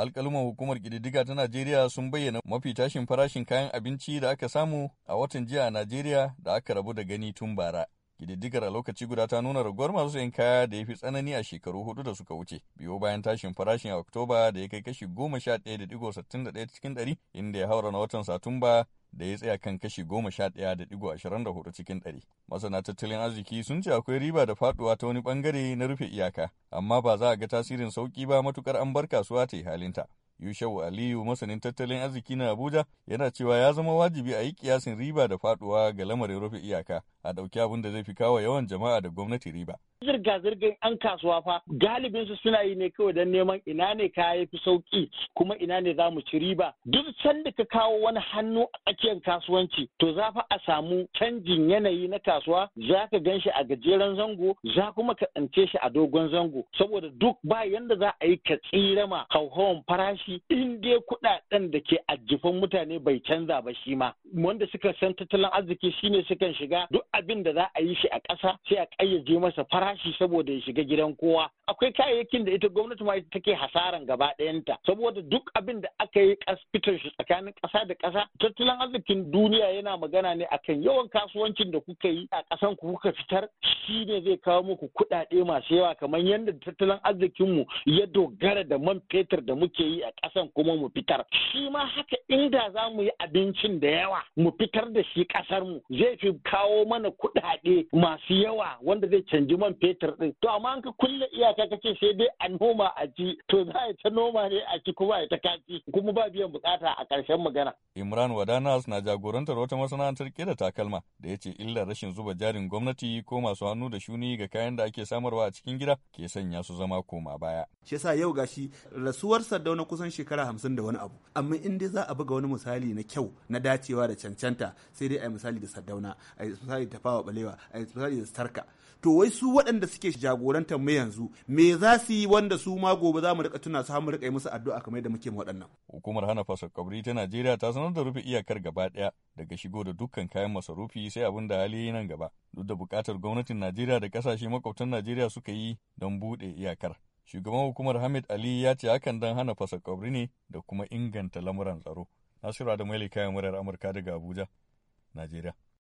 alkaluman hukumar ƙididdiga ta najeriya sun bayyana mafi tashin farashin kayan abinci da aka samu a watan jiya a najeriya da aka rabu da gani tun bara Ƙididdigar a lokaci guda ta nuna raguwar masu sayan kaya da ya fi tsanani a shekaru hudu da suka wuce, biyo bayan tashin farashin a Oktoba da ya kai kashi goma sha ɗaya da sittin da ɗaya cikin ɗari, inda ya haura na watan Satumba da ya tsaya kan kashi goma sha ɗaya da ashirin da hudu cikin ɗari. Masana tattalin arziki sun ce akwai riba da faduwa ta wani bangare na rufe iyaka, amma ba za a ga tasirin sauki ba matukar an bar kasuwa ta yi halinta. Yushau Aliyu masanin tattalin arziki na Abuja yana cewa ya zama wajibi a yi kiyasin riba da faduwa ga lamarin rufe iyaka a ɗauki abin da zai fi kawo yawan jama'a da gwamnati riba. Zirga-zirgar an kasuwa fa galibin su suna yi ne kawai don neman ina ne kaya fi sauki kuma ina ne za mu ci riba. Duk sanda ka kawo wani hannu a tsakiyar kasuwanci to za fa a samu canjin yanayi na kasuwa za ka gan shi a gajeren zango za kuma ka tsance shi a dogon zango saboda duk ba yanda za a yi ka tsira ma hauhawan farashi in dai kuɗaɗen da ke ajifan mutane bai canza ba shi ma. Wanda suka san tattalin arziki shine sukan shiga duk abin da za a yi shi a ƙasa sai a ƙayyade masa farashi saboda ya shiga gidan kowa akwai kayayyakin da ita gwamnati ma take hasaran gaba ɗayanta saboda duk abin da aka yi fitar shi tsakanin ƙasa da ƙasa tattalin arzikin duniya yana magana ne akan yawan kasuwancin da kuka yi a ƙasan ku kuka fitar shi ne zai kawo muku kuɗaɗe masu yawa kamar yadda tattalin arzikin mu ya dogara da man fetur da muke yi a ƙasan kuma mu fitar shi ma haka inda za mu yi abincin da yawa mu fitar da shi ƙasar mu zai fi kawo mana kuɗaɗe masu yawa wanda zai canji man fetur ɗin to amma an ka kulle iyaka ta kace sai dai a noma a ci to za a ta noma ne a ci kuma a ta kaci kuma ba biyan bukata a ƙarshen magana. Imran Wadanas na jagorantar wata masana'antar kera takalma da ya ce illar rashin zuba jarin gwamnati ko masu hannu da shuni ga kayan da ake samarwa a cikin gida ke sanya su zama koma baya. Shi yasa yau gashi rasuwar na kusan shekara hamsin da wani abu amma in dai za a buga wani misali na kyau na dacewa da cancanta sai dai a yi misali da Sardauna a yi misali da Tafawa Balewa a yi misali da sarka to wai su waɗanda suke jagorantar mu yanzu me za su yi wanda su ma gobe za mu rika tuna su har mu rika yi musu addu'a kamar yadda muke waɗannan. Hukumar hana fasa kabri ta Najeriya ta sanar da rufe iyakar gaba ɗaya daga shigo da dukkan kayan masarufi sai abin da hali nan gaba duk da buƙatar gwamnatin Najeriya da ƙasashe makwabtan Najeriya suka yi don buɗe iyakar. Shugaban hukumar Hamid Ali ya ce hakan don hana fasa kabri ne da kuma inganta lamuran tsaro. Nasiru Adamu kayan murar Amurka daga Abuja, Najeriya.